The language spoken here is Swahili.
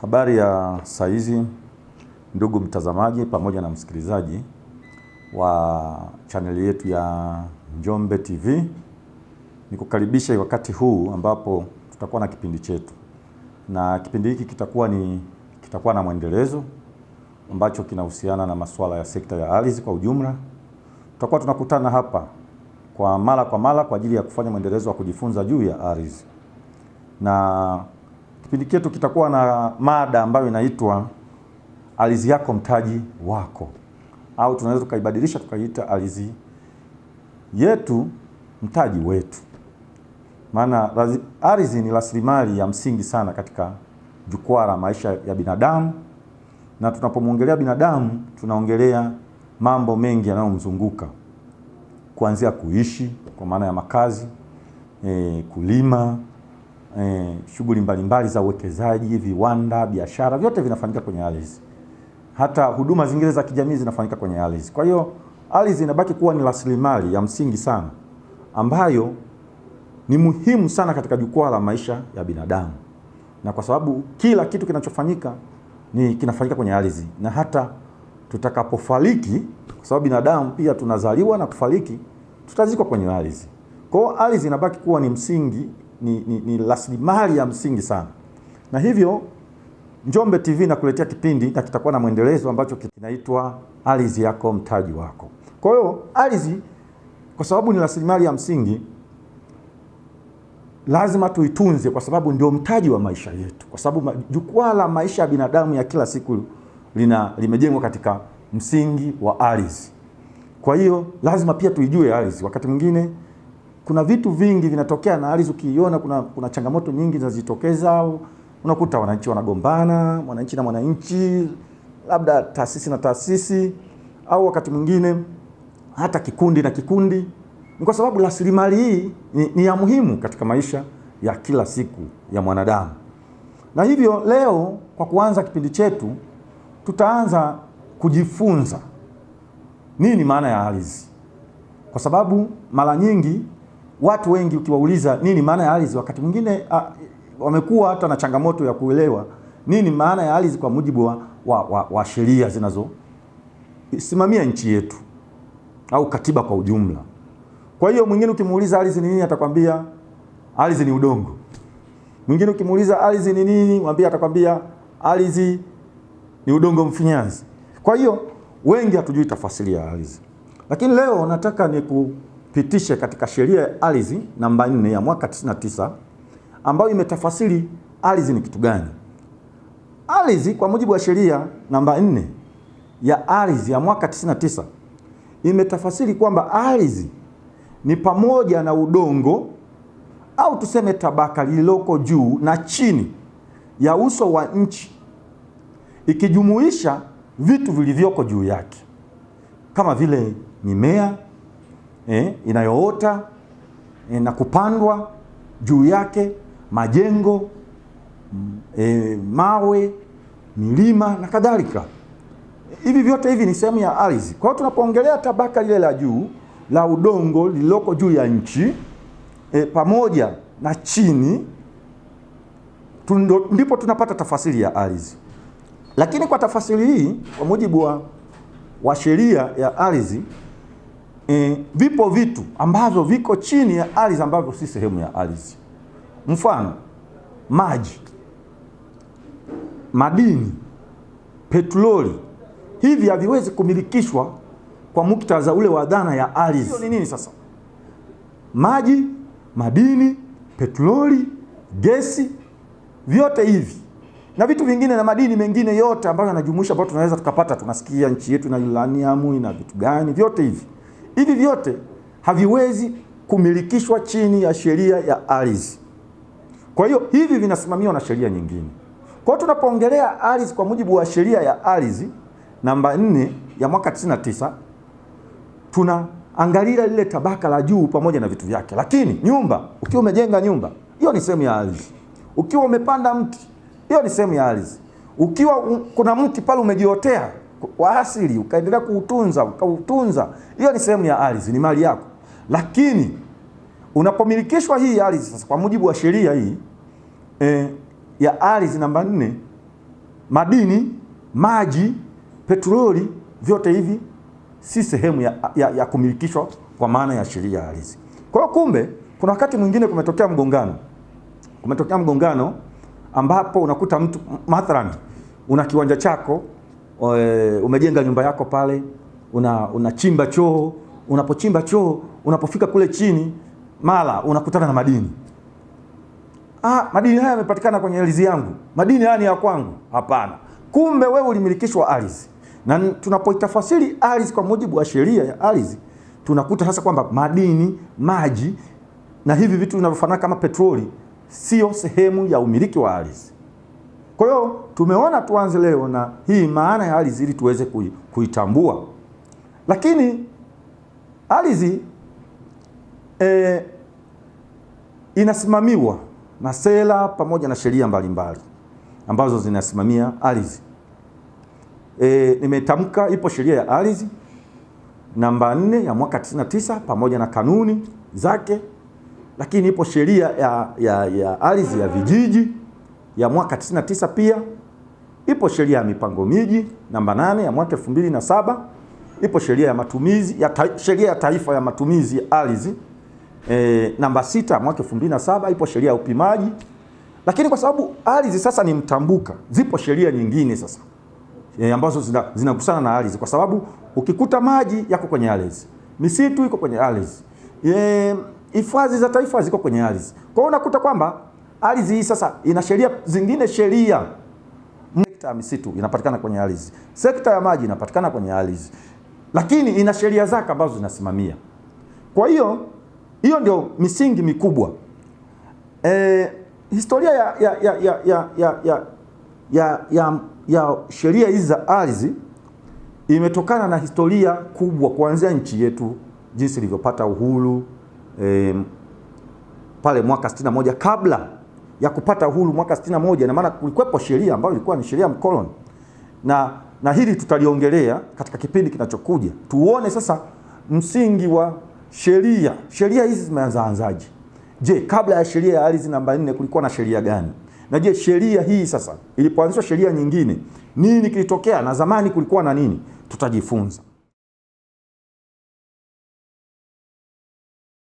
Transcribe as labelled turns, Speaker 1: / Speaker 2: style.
Speaker 1: Habari ya saizi ndugu mtazamaji pamoja na msikilizaji wa chaneli yetu ya Njombe TV, nikukaribisha wakati huu ambapo tutakuwa na kipindi chetu, na kipindi hiki kitakuwa ni kitakuwa na mwendelezo ambacho kinahusiana na masuala ya sekta ya ardhi kwa ujumla. Tutakuwa tunakutana hapa kwa mara kwa mara kwa ajili ya kufanya mwendelezo wa kujifunza juu ya ardhi na Kipindi chetu kitakuwa na mada ambayo inaitwa ardhi yako mtaji wako, au tunaweza tukaibadilisha tukaiita ardhi yetu mtaji wetu, maana ardhi ni rasilimali ya msingi sana katika jukwaa la maisha ya binadamu, na tunapomwongelea binadamu tunaongelea mambo mengi yanayomzunguka kuanzia kuishi kwa maana ya makazi, e, kulima eh, shughuli mbalimbali za uwekezaji, viwanda, biashara, vyote vinafanyika kwenye ardhi. Hata huduma zingine za kijamii zinafanyika kwenye ardhi. Kwa hiyo ardhi inabaki kuwa ni rasilimali ya msingi sana ambayo ni muhimu sana katika jukwaa la maisha ya binadamu, na kwa sababu kila kitu kinachofanyika ni kinafanyika kwenye ardhi, na hata tutakapofariki, kwa sababu binadamu pia tunazaliwa na kufariki, tutazikwa kwenye ardhi. Kwa hiyo ardhi inabaki kuwa ni msingi ni, ni, ni rasilimali ya msingi sana, na hivyo Njombe TV nakuletea kipindi na kitakuwa na mwendelezo ambacho kinaitwa ardhi yako mtaji wako. Kwa hiyo ardhi, kwa sababu ni rasilimali ya msingi, lazima tuitunze, kwa sababu ndio mtaji wa maisha yetu, kwa sababu jukwaa la maisha ya binadamu ya kila siku lina limejengwa katika msingi wa ardhi. Kwa hiyo lazima pia tuijue ardhi wakati mwingine kuna vitu vingi vinatokea na hali ukiiona, kuna, kuna changamoto nyingi zinazojitokeza. Unakuta wananchi wanagombana, mwananchi na mwananchi, labda taasisi na taasisi, au wakati mwingine hata kikundi na kikundi. Ni kwa sababu rasilimali hii ni, ni ya muhimu katika maisha ya kila siku ya mwanadamu, na hivyo leo kwa kuanza kipindi chetu tutaanza kujifunza nini maana ya ardhi, kwa sababu mara nyingi watu wengi ukiwauliza nini maana ya ardhi, wakati mwingine wamekuwa hata na changamoto ya kuelewa nini maana ya ardhi kwa mujibu wa, wa, wa, wa sheria zinazosimamia nchi yetu au katiba kwa ujumla. Kwa hiyo mwingine ukimuuliza ardhi ni nini, atakwambia ardhi ni udongo. Mwingine ukimuuliza ardhi ni nini, mwambie atakwambia ardhi ni udongo mfinyanzi. Kwa hiyo wengi hatujui tafasiri ya ardhi, lakini leo nataka ku, pitishe katika sheria ya ardhi namba 4 ya mwaka 99 ambayo imetafasiri ardhi ni kitu gani. Ardhi kwa mujibu wa sheria namba 4 ya ardhi ya mwaka 99 imetafasiri kwamba ardhi ni pamoja na udongo au tuseme tabaka lililoko juu na chini ya uso wa nchi ikijumuisha vitu vilivyoko juu yake kama vile mimea eh, inayoota eh, na kupandwa juu yake majengo mm, eh, mawe, milima na kadhalika. Hivi vyote hivi ni sehemu ya ardhi. Kwa hiyo tunapoongelea tabaka lile la juu la udongo lililoko juu ya nchi eh, pamoja na chini tundo, ndipo tunapata tafasiri ya ardhi. Lakini kwa tafasiri hii, kwa mujibu wa, wa sheria ya ardhi e, vipo vitu ambavyo viko chini ya ardhi ambavyo si sehemu ya ardhi, mfano maji, madini, petroli. Hivi haviwezi kumilikishwa kwa muktadha ule wa dhana ya ardhi. Hiyo ni nini sasa? Maji, madini, petroli, gesi, vyote hivi na vitu vingine na madini mengine yote ambayo yanajumuisha ambayo tunaweza tukapata, tunasikia nchi yetu ina uranium ina vitu gani, vyote hivi Hivi vyote haviwezi kumilikishwa chini ya sheria ya ardhi. Kwa hiyo hivi vinasimamiwa na sheria nyingine. Kwa hiyo tunapoongelea ardhi kwa mujibu wa sheria ya ardhi namba 4 ya mwaka 99 tunaangalia lile tabaka la juu pamoja na vitu vyake. Lakini nyumba, ukiwa umejenga nyumba, hiyo ni sehemu ya ardhi. Ukiwa umepanda mti, hiyo ni sehemu ya ardhi. Ukiwa kuna mti pale umejiotea, kwa asili ukaendelea kuutunza ukautunza, hiyo ni sehemu ya ardhi, ni mali yako. Lakini unapomilikishwa hii ardhi sasa, kwa mujibu wa sheria hii e, ya ardhi namba nne, madini, maji, petroli, vyote hivi si sehemu ya, ya, ya kumilikishwa kwa maana ya sheria ya ardhi. Kwa hiyo kumbe, kuna wakati mwingine kumetokea mgongano, kumetokea mgongano ambapo unakuta mtu mathalani una kiwanja chako Eh, umejenga nyumba yako pale, unachimba choo. Unapochimba choo, unapofika kule chini, mara unakutana na madini. Ah, madini haya yamepatikana kwenye ardhi yangu, madini haya ni ya kwangu? Hapana, kumbe wewe ulimilikishwa ardhi. Na tunapoitafasiri ardhi kwa mujibu wa sheria ya ardhi, tunakuta sasa kwamba madini, maji na hivi vitu vinavyofanana kama petroli sio sehemu ya umiliki wa ardhi. Kwa hiyo tumeona tuanze leo na hii maana ya ardhi ili tuweze kuitambua, lakini ardhi e, inasimamiwa na sera pamoja na sheria mbalimbali ambazo zinasimamia ardhi. E, nimetamka ipo sheria ya ardhi namba 4 ya mwaka 99 pamoja na kanuni zake, lakini ipo sheria ya, ya, ya ardhi ya vijiji ya mwaka 99. Pia ipo sheria ya mipango miji namba 8 ya mwaka 2007. Ipo sheria ya matumizi ya ta, sheria ya taifa ya matumizi ya ardhi e, namba 6 ya mwaka 2007. Ipo sheria ya upimaji, lakini kwa sababu ardhi sasa ni mtambuka, zipo sheria nyingine sasa e, ambazo zinakusana zina na ardhi, kwa sababu ukikuta maji yako kwenye ardhi, misitu iko kwenye ardhi, e, hifadhi e, za taifa ziko kwenye ardhi, kwa hiyo unakuta kwamba Ardhi hii sasa ina sheria zingine, sheria sekta ya misitu inapatikana kwenye ardhi, sekta ya maji inapatikana kwenye ardhi, lakini ina sheria zake ambazo zinasimamia. Kwa hiyo hiyo ndio misingi mikubwa e, historia ya, ya, ya, ya, ya, ya, ya, ya, ya, ya sheria hizi za ardhi imetokana na historia kubwa kuanzia nchi yetu jinsi ilivyopata uhuru e, pale mwaka 61 kabla ya kupata uhuru mwaka 61 na maana kulikuwepo sheria ambayo ilikuwa ni sheria mkoloni, na na hili tutaliongelea katika kipindi kinachokuja, tuone sasa msingi wa sheria. Sheria hizi zimeanzaanzaje? Je, kabla ya sheria ya ardhi namba 4 kulikuwa na sheria gani? Na je, sheria hii sasa ilipoanzishwa sheria nyingine, nini kilitokea? Na zamani kulikuwa na nini? Tutajifunza.